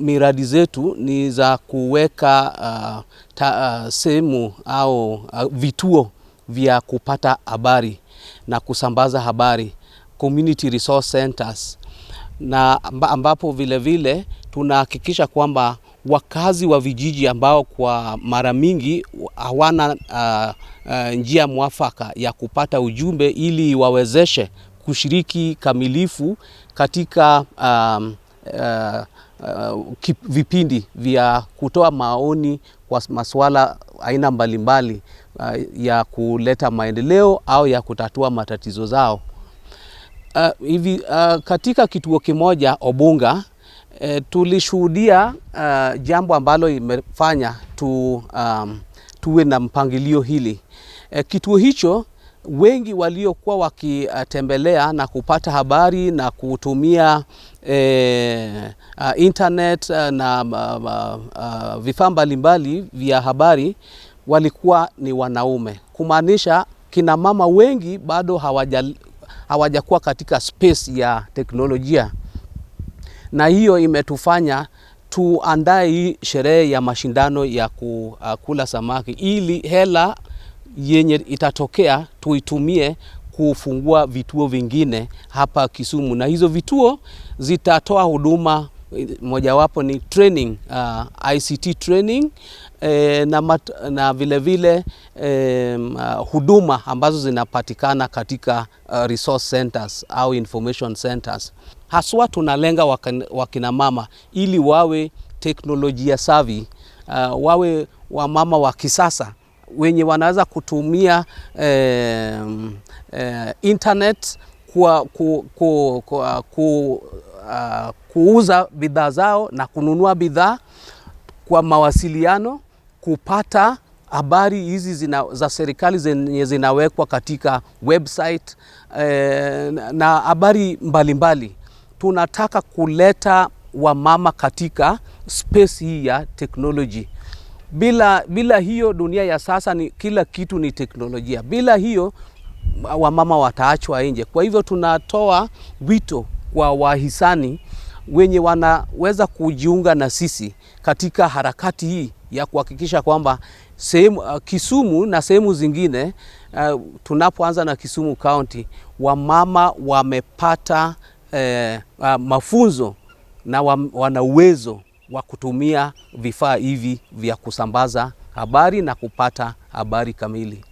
Miradi zetu ni za kuweka uh, uh, sehemu au uh, vituo vya kupata habari na kusambaza habari community resource centers, na ambapo vilevile tunahakikisha kwamba wakazi wa vijiji ambao kwa mara mingi hawana uh, uh, njia mwafaka ya kupata ujumbe ili wawezeshe kushiriki kamilifu katika um, uh, uh, kip, vipindi vya kutoa maoni kwa masuala aina mbalimbali uh, ya kuleta maendeleo au ya kutatua matatizo zao. Uh, hivi uh, katika kituo kimoja Obunga E, tulishuhudia uh, jambo ambalo imefanya tu, um, tuwe na mpangilio hili. E, kituo hicho wengi waliokuwa wakitembelea na kupata habari na kutumia e, internet ah, na ah, vifaa mbalimbali vya habari walikuwa ni wanaume, kumaanisha kina mama wengi bado hawajakuwa katika space ya teknolojia, na hiyo imetufanya tuandae hii sherehe ya mashindano ya kukula samaki ili hela yenye itatokea tuitumie kufungua vituo vingine hapa Kisumu, na hizo vituo zitatoa huduma mojawapo ni training uh, ICT training eh, na, mat, na vile vile eh, uh, huduma ambazo zinapatikana katika uh, resource centers au information centers. Haswa tunalenga wakina mama ili wawe teknolojia savvy, uh, wawe wamama wa kisasa wenye wanaweza kutumia eh, eh, internet kwa, ku, ku, ku, ah, ku, uh, kuuza bidhaa zao na kununua bidhaa kwa mawasiliano, kupata habari hizi zina, za serikali zenye zinawekwa katika website eh, na habari mbalimbali. Tunataka kuleta wamama katika space hii ya teknoloji. Bila, bila hiyo dunia ya sasa ni kila kitu ni teknolojia. Bila hiyo wamama wataachwa nje. Kwa hivyo tunatoa wito kwa wahisani wenye wanaweza kujiunga na sisi katika harakati hii ya kuhakikisha kwamba sehemu uh, Kisumu na sehemu zingine uh, tunapoanza na Kisumu County wamama wamepata uh, uh, mafunzo na wa, wana uwezo wa kutumia vifaa hivi vya kusambaza habari na kupata habari kamili.